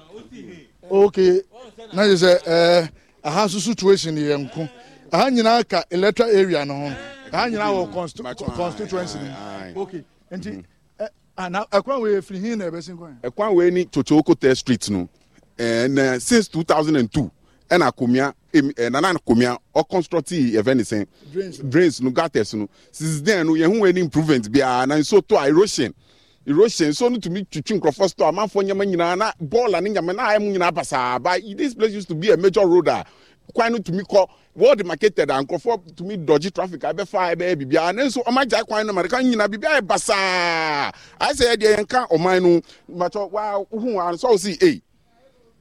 ok na yɛ sɛ ɛɛ ahan soso tuwɛsin yɛ nko ahan nyinaa ka electoral area no ho ahan nyinaa wɔ constituency ni ok nti ɛ ana ɛkwan wei efiri hin na ɛbɛsi nkwan. ɛkwan wei ni totoko tɛ street no ɛɛ na since two thousand and two ɛna akomia eh, nana komia ɔconstructi ɛfɛ ne drains no gutters no since then no yɛn ho any improvement biara ah, na nso to a ah, erosion erosion nso no tumi twitwi nkurɔfoɔ store amanfoɔ nyɛma nyinaa na bɔɔla ne nyama na ayɛ mu nyinaa basaa ba this place used to be a major road a ah. kwan no tumi kɔ world marketed a nkurɔfoɔ tumi dɔgye traffic a ɛbɛfa a ɛbɛyɛ biribiara ne nso ɔma gyae kwan no ma ɛka nyina ayɛ basaa ayɛ yɛ deɛ yɛnka ɔman no matɔ waa wohu a sɛ wo si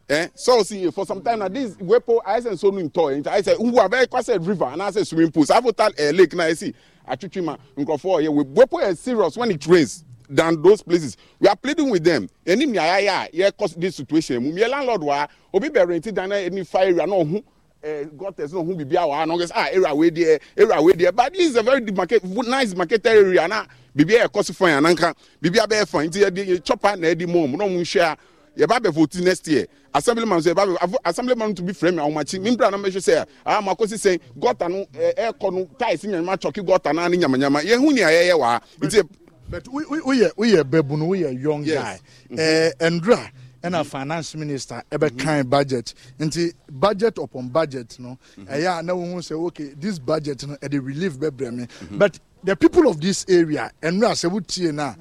eh so see for some time na this wepo ayese nso nu ntɔ nti ayese nwu abɛ kwasɛ river and anaasɛ swimming pool saa fotal eh, lake na esi atwitwi ma nkurɔfoɔ ɔyɛ wepo yɛ serious when it rains than those places we are pleading with them ɛni mi ayaya yɛ cause this situation mu miɛ landlord wa obi bɛ renti dan na fire. fa area na ɔho ɛɛ eh, gutters na ɔho bibi awa na ɔkɛ sɛ ah area wei deɛ area wei deɛ but this is a very market nice market area na bibi yɛ kɔsi fine ananka bibi abɛɛ fine nti yɛ eh, di eh, chopper na yɛ di mɔmu na ɔmo n hyɛ a yɛba bɛ vote next year assemblyman so yɛba bɛ assemblyman to bi frɛ mi àwọn akyi mi mbira na mɛhwɛ sɛ aa ma kɔsi sɛn gɔta no ɛɛ ɛkɔ no taes nyanyama tɔki gɔta naa ne nyamanyama yɛn hu ni a yɛyɛ waa nti. but woyɛ woyɛ bɛbu no woyɛ young guy ɛɛ ndura ɛna finance minister ɛbɛ kan budget nti budget upon budget no ɛyɛ a na wɔn ho sɛ okay this budget no ɛde relief bɛbrɛ mi but the people of this area ɛnura sɛ wotie na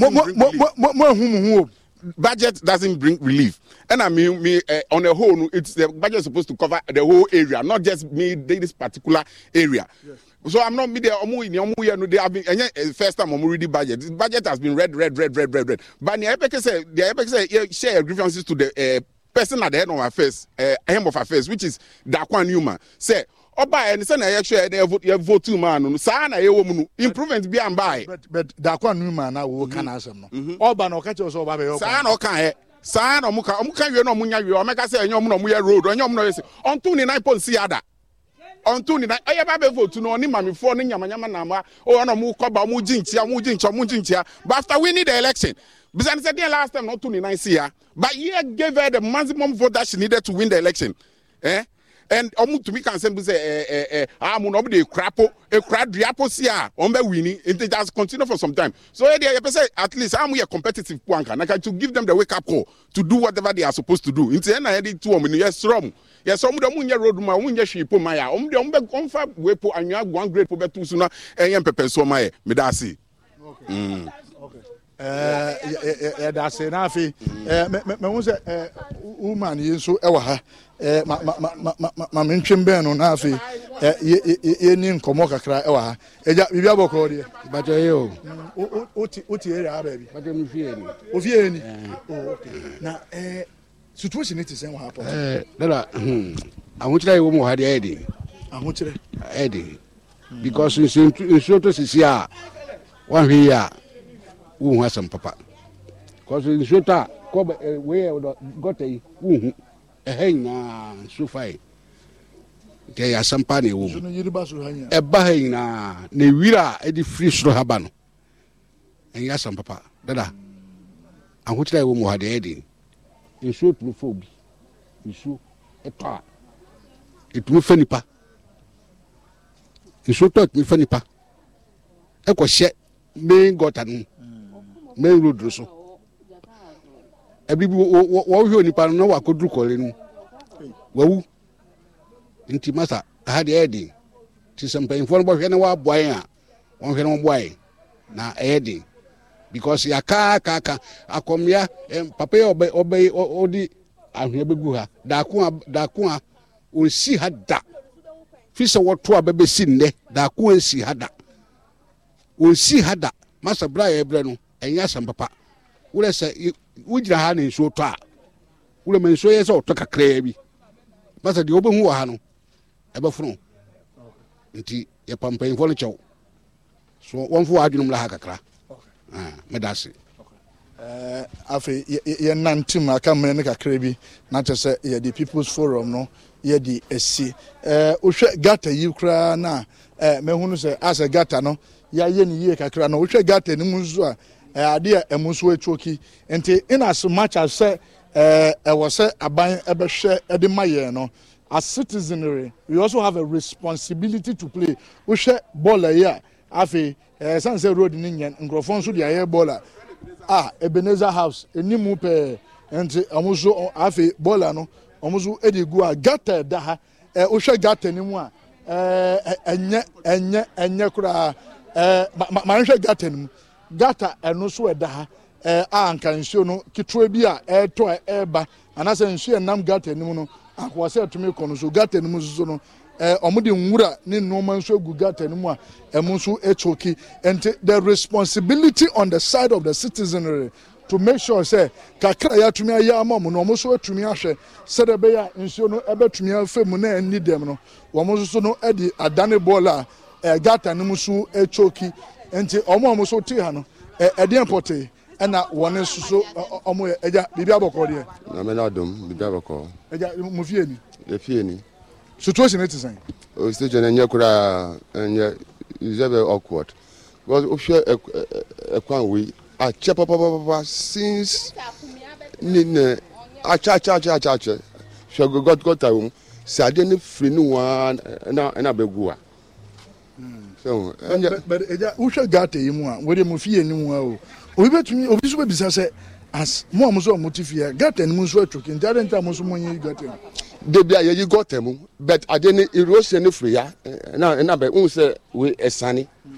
mo mo mo mo ehumuhu o budget doesn't bring relief and i mean me uh, on a whole it's the budget supposed to cover the whole area not just me this particular area yes. so i'm not me there omu ni omu here they have been eh, eh, first time omu read the budget this budget has been red, red, red, red, red, red. but the epeke say the epeke say share grievances to the uh, person at the head of affairs uh, head of affairs which is dakwan newman say ɔbaeɛ no sɛna yɛhwɛ na yɛvotu maa no no saa na yɛwɔ mu no improvement bi ambaeɛ dakwa no ma na wɔwɔ ka no asɛm no ɔba na ɔka kyerɛ sɛ ɔba bɛyɛ saa na ɔkaeɛ saa na ɔmoka ɔmoka wie na ɔmonya wie ɔmɛka sɛ ɛnyɛ ɔmo na ɔmoyɛ road ɛnyɛ ɔmo na ɔyɛ sɛ ɔnto ne nan pɔnsi ada ɔnto ne nan ɛyɛ ba bɛvotu no ɔne mamefoɔ ne nyamanyama na ama ɔyɛ na ɔmo kɔba ɔmo gyi nkyia ɔmo gyi nkyia ɔmo gyi nkyia but after winning the election bisani sɛ deɛ last time na ɔto ne nan si ya but yɛ gave her the maximum vote that she needed to win the election eh? and ɔmu tumi kan sɛm sɛ ɛɛ ɛɛ amu na ɔmu de ekura po ekura dua po si a ɔmu bɛ wini it it has continued for some time so ɛdi yɛ pɛ sɛ at least amu yɛ competitive po anka naka to give them the wake up call to do whatever they are supposed to do nti ɛna yɛ de tu ɔmu ni yɛ srɔ mu yɛ sɛ ɔmu de ɔmu nyɛ road mu a ɔmu nyɛ hwii po ma yɛ a ɔmu de ɔmu bɛ ɔmu fa wei po anwia one grade po bɛ tu so na ɛyɛ mpɛpɛ nsuo ma yɛ meda ase. ɛɛ yɛ da ase n'afe ɛɛ mɛ mɛ n sɛ ɛɛ woman yi nso ɛwɔ ha maame ntwem bɛn no na afei eh, yɛni nkɔmmɔ kakra ɛwɔ eh, ha ɛgya biribi abɔ kɔɔ deɛ bàtɛ yɛ o wote mm, area ha baabi bàtɛ mi fie ni ofie ni eh. oh, na situation ne ti sɛn wɔ ha pɔ dada ahokyerɛ yɛ wɔ mu wɔ ha deɛ ɛyɛ de ahokyerɛ ɛyɛ de because nsuo to sisi a wahwe yi a wohu asɛm papa because nsuo to a kɔba wei yɛ gɔta yi wohu ɛhɛ nyinaa nsu fa yi deɛ na ɛwɔ mu ɛba na ewira a ɛde firi soro ha ba no ɛnyɛ papa dada a ɛwɔ mu ha deɛ ɛyɛ den nsuo tumi fa obi ɛtɔ nipa main road so. ebi bi wɔhwɛ onipa no na wakɔduru kɔle no wawu nti masa aha deɛ ɛyɛ den nti sɛ mpanyinfoɔ no bɔhwɛ na wɔaboa yɛn a wɔnhwɛ na wɔboa yɛn na ɛyɛ because yakaakaaka akɔmmea papa yi ɔbɛ ɔbɛ ɔde ahwea bɛgu ha daako a daako a ɔnsi ha da fi sɛ wɔto a bɛbɛsi nnɛ daako a nsi ha da ɔnsi ha da masa bere a yɛbrɛ no ɛnyɛ asɛm papa wúrẹ sẹ wúgyina ha ne nsuo tɔ a wúrẹ mɛ nsuo yɛ sɛ ɔtɔ kakraa bi basa deɛ wobɛhu wɔ ha no ɛbɛfono nti yɛpa mpanyimfoɔ no kyɛw so wɔmfo wɔ adwenom la ha kakra ah, meda ase eh, afei yɛnantem aka mmerɛ no kakra bi na kyɛ sɛ yɛde peoples forum no yɛde asi eh, wohwɛ gata yi koraa eh, no a mahunu sɛ asɛ gata no yɛayɛ no yie kakra no wohwɛ gata no mu nso a adeɛ ɛmu nso atwo ki nti in as much as sɛ ɛwɔ sɛ aban ɛbɛhwɛ de ma yɛn no as citizenry we also have a responsibility to play wohwɛ bɔɔla yi a afei ɛɛ san sɛ road ni nyɛ nkurɔfoɔ nso de ayɛ bɔɔla a a ebenezer house enimu pɛɛ nti ɔmo nso afei bɔɔla no ɔmo nso de gu a gata da ha ɛɛ wohwɛ gata ne mu a ɛɛ ɛnyɛ ɛnyɛ ɛnyɛ koraa ɛɛ ma ma nhwɛ gata ne mu. gata ɛno so ɛda ha ɛɛ a anka nsuo no ketewa bi a ɛɛtɔ ɛɛba anaasɛ nsuo ɛnam gata anim no akɔwasa ɛtumi kɔ no so gata anim nso no ɛɛ wɔn de nwura ne nneɛma nso egu gata anim a ɛmo nso ɛtɔki nti the responsibility on the side of the citizenry to make sure sɛ kakra yɛ atumi ayɛ ama mu no wɔn nso atumi ahwɛ sɛdeɛ ɛbɛyɛ a nsuo no ɛbɛtumi afɛ mu na ɛnni dɛm no wɔn nso no ɛde adane bɔɔl a ɛɛ gata anim nso ɛtɔki nti ɔmo a ɔmo so te ha no ɛdeɛ mpɔtee ɛna wɔne soso ɔmo yɛ ɛgya biribi abɔkɔ deɛ. nyame na dum biribi abɔkɔ. ɛgya mo fie ni. efie ni. situation ti sɛn. o situation ɛnyɛ koraa ɛnyɛ ɛyɛ bɛ awkward because o fiyɛ ɛkwan wei akyɛ papapapa since ne ne akyɛ akyɛ akyɛ akyɛ akyɛ fiyɛ gɔtɔ gɔtɔ awo mu sɛ ne firi ne waa ɛna ɛna bɛ gu wa wohwɛ gata yi mu a wode mu fie ni mu a o obi bɛtumi obi so bɛbisa sɛ as mo a mo so a mote fie gata no mu nso atwoke nti ade nti a mo so monyɛ gata mu debi a yɛyi gɔta mu but ade ne erosie ne firi ya na na bɛ n sɛ we ɛsane hmm.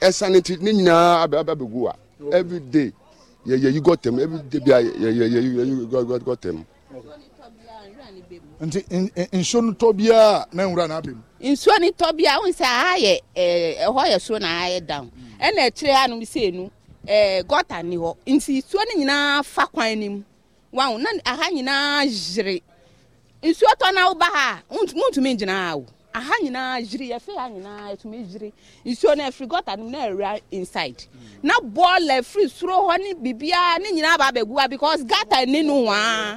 ɛsane ti ne nyinaa abɛ abɛ bɛ gu a every day yɛ yɛyi gɔta mu every day bi a yɛ yɛ yɛyi gɔta mu. nti nsuo no tɔ biara na nwura nsuo no tɔ bi a wọn sɛ aha yɛ ɛɛ ɛhɔ yɛ so na aha yɛ down mm. ɛna akyire ha nom sɛ enu ɛɛ gɔta ni hɔ nti nsuo no nyinaa fa kwan ne mu wɔn na aha nyinaa yere nsuo tɔ na ɔba ha ntumi gyina ha o. aha nyinaa jiri yɛfɛ ha nyinaa yɛtumi jiri nsuo no ɛfiri gɔta na ɛwura inside mm. na bɔɔla soro hɔ ne biribiara ne nyinaa ba abɛgu ha because gata ni no waa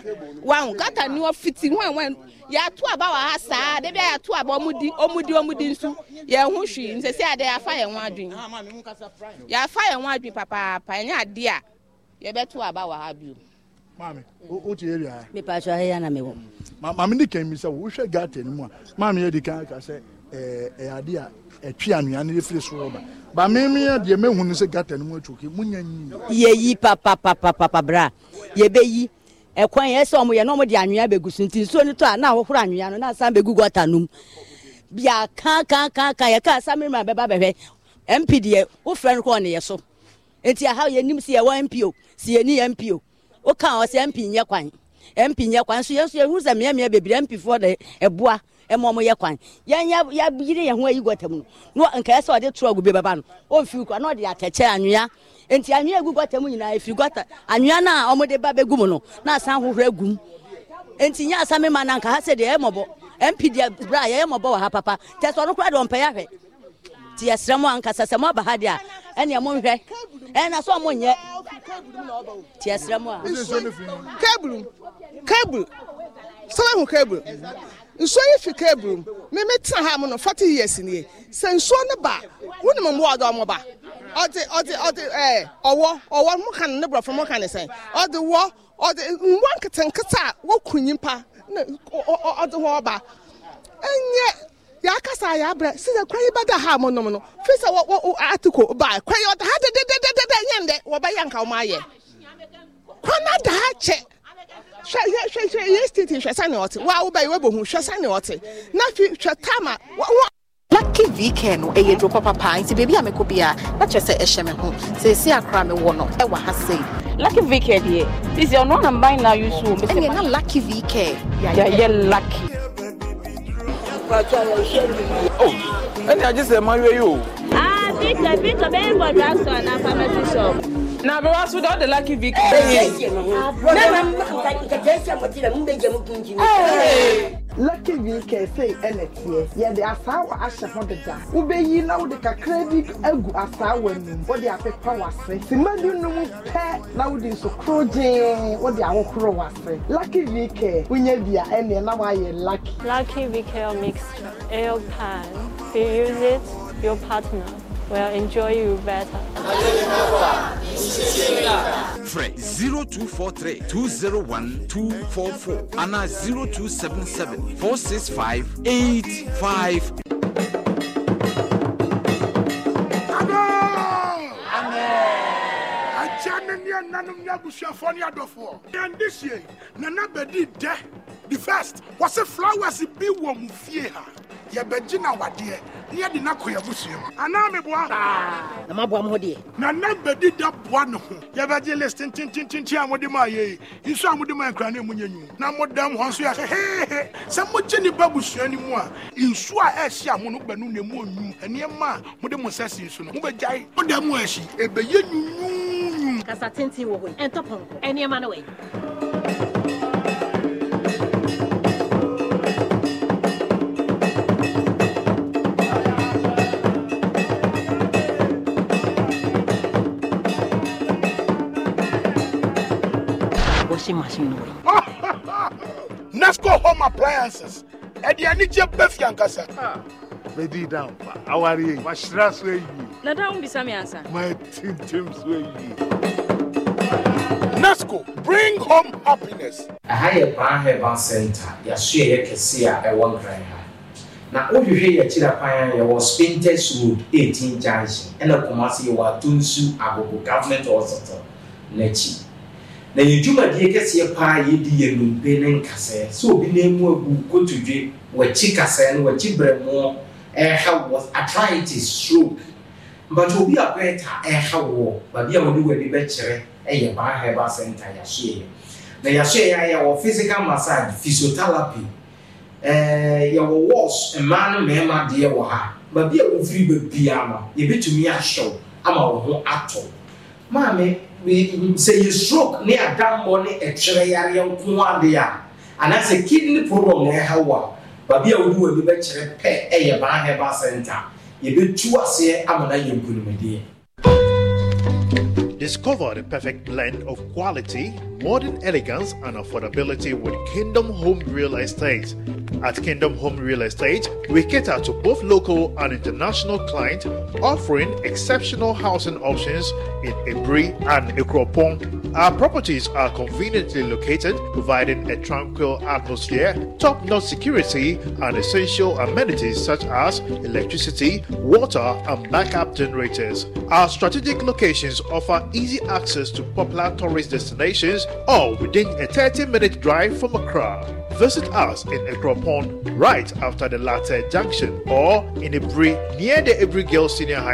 gata ni fiti wɔn yɛato aba wɔ ha saa de a yɛato aba ɔmo di di di nso yɛn ho nsɛsɛ papaapa adeɛ a aba wɔ ha otu wote yɛ wiaa mepaatwo ahịhịa na mewɔ maame ne kan mi sɛ wohwɛ gata no mu a maame yɛdi ka sɛ ade a ɛtwe anwea no ba deɛ sɛ mu papapapapa bra yi ɛkwan yɛ sɛ ɔmo yɛ na ya de anwea bɛgu so nti nsuo no tɔ a na ahohoro no na gɔta bia kan kan kan kan yɛ kaa woka ɔsɛ mp nyɛ kwan mp nyɛ kwan nso yɛn so yɛhu sɛ mmeɛmmeɛ bebree mp foɔ de ɛboa ɛma ɔmo yɛ kwan yɛn yɛyiri yɛn ho ayi gɔtɛm no nka ɛsɛ ɔde trɔg bi bɛba no ɔmfiri kɔ na ɔde atɛkyɛ anwea nti anwea egu gɔtɛm nyinaa efiri gɔtɛ anwea na ɔmo de ba bɛgu mu no na asan ahohoro egu mu nti nyɛ asame ma na nka ha sɛ deɛ ɛyɛ mɔbɔ mp deɛ bra yɛyɛ mɔbɔ wɔ ha papa tɛsɛ ɔno kora deɛ ɔmpɛ nti yɛsrɛ mu ankasa sɛ moaba ha deɛ a ɛneɛ monhwɛ ɛna so a monyɛ nti yɛsrɛ mu a cable cable sɛna nsuo yi fi cable mu a tena ha mu no nie sɛ nsuo ba mmoa ba ɔde ɔde ɔde ɛɛ ɔwɔ ɔwɔ no ne borɔfo ne sɛn ɔde wɔ ɔde mmoa a wɔku nyimpa ɔde hɔ ɔba ɛnyɛ yɛakasa a yɛabrɛ sɛ sɛ kora yi bɛda ha mo nom no firi sɛ atiko ba kora yi ɔda ha dededededɛ nyɛ ndɛ wɔbɛyɛ nka wɔm ayɛ kora no ada ha kyɛ hwɛhwɛhwɛ yɛ stiti hwɛ sɛ ne ɔte wa wobɛyɛ wabɛhu hwɛ sɛ ne ɔte na fi tama tam a lucky vk no ɛyɛ duro papapaa nti baabi a mekɔ bia na kyerɛ sɛ ɛhyɛ me ho sɛɛsi akora mewɔ no ɛwɔ ha sei lucky vk deɛ sisi ɔno anamban na yusu wɔ mbɛsɛ ɛnyɛ na lucky vk yɛyɛ lucky Oh, any I just a you Ah, Victor, Victor, very good, that's one, I'm pharmacy shop na bɛwa so da ɔde lucky vic lucky vic ɛsɛ ɛna teɛ yɛde Asawa ahyɛ ho deda wobɛyi na wode kakra bi agu asaawa no mu wode apepa wase sima nom pɛ na wode nso koro gyee wode ahohoro wase lucky vic wonya bia ɛneɛ na woayɛ lucky lucky vic mixture ale pan if you use it your partner will enjoy you better frɛ 0243 201 244 anaa 0277 465 85 nanom ne abusuafoɔ ne adɔfoɔ yɛnde sie nana bɛdi dɛ the first was a flower. flowers bi wɔ mu fie ha yɛbɛgye na wadeɛ ne yɛde na kɔ mu anaa meboa na maboa m ho deɛ na na bɛdi da boa ne ho yɛbɛgye list ntentententen a mode ma ayɛi nso a mode ma nkra ne mu nyɛ na modam hɔ nso yɛhehehe sɛ mogye nnipa busua no mu a nsuo a ɛhye a mo no bɛno ne mu ɔnwum ɛnneɛma a mode mo nsa si nso no mobɛgyae modam hɔ ahyi ɛbɛyɛ nwunwunwum kasa tenten wɔ hɔ yi ɛnneɛma no wɔ washing machine no Nesco Home Appliances. Ẹ̀dì ẹnìjẹ́ bẹ́ẹ̀ fi àǹkàṣà. Bẹ́ẹ̀dì dáhùn pa, àwárí èyí, wàá ṣíra sọ èyí. Nàdáhùn bisá mi ànsá. Máa tìǹtìǹ sọ èyí. Nesco bring home happiness. Ẹ̀ha yẹ Ban Herbal Center, yàtọ̀ ẹ̀yẹ kẹsí a ẹ̀wọ̀ nkran ha. Na wohwehwɛ yɛ akyiri akwan a yɛwɔ Spintex Road 18 Junction ɛna Kumasi yɛwɔ Atunsu Agogo Government Hospital n'akyi na yɛ dwumadie kɛseɛ paa yɛdi yɛ nnompe ne nkasɛɛ sɛ obi na mu agu kotodwe wɔakyi kasɛɛ no wɔakyi brɛmoɔ ɛreha wɔ arthritis stroke mpatɛ obi a bɛɛta ɛreha wɔ baabi a wɔde w'ani bɛkyerɛ ɛyɛ baa herbal center yɛasoɛyɛ na yɛasoɛyɛ ayɛ wɔ physical massage physiotherapy ɛɛ yɛwɔ walls mmaa ne mmarima deɛ wɔ ha baabi a wofiri baabiara no yɛbɛtumi ahyɛw ama wɔn ho atɔ maame sɛ yɛ stroke ne adammɔ ne ɛtwerɛ yareɛ nko ade a anaasɛ kidney problem na ɛha a baabi a wode w'ani bɛkyerɛ pɛ ɛyɛ ban heba center yɛbɛtu aseɛ ama no ayɛ nkonimdeɛ Discover the perfect blend of quality modern elegance and affordability with Kingdom Home Real Estate. At Kingdom Home Real Estate, we cater to both local and international clients, offering exceptional housing options in Ebri and Ikropong. Our properties are conveniently located, providing a tranquil atmosphere, top-notch security, and essential amenities such as electricity, water, and backup generators. Our strategic locations offer easy access to popular tourist destinations or within a 30 minute drive from Accra. Visit us in Accra Pond right after the latter junction or in Ibri near the Ibri Girls Senior High School.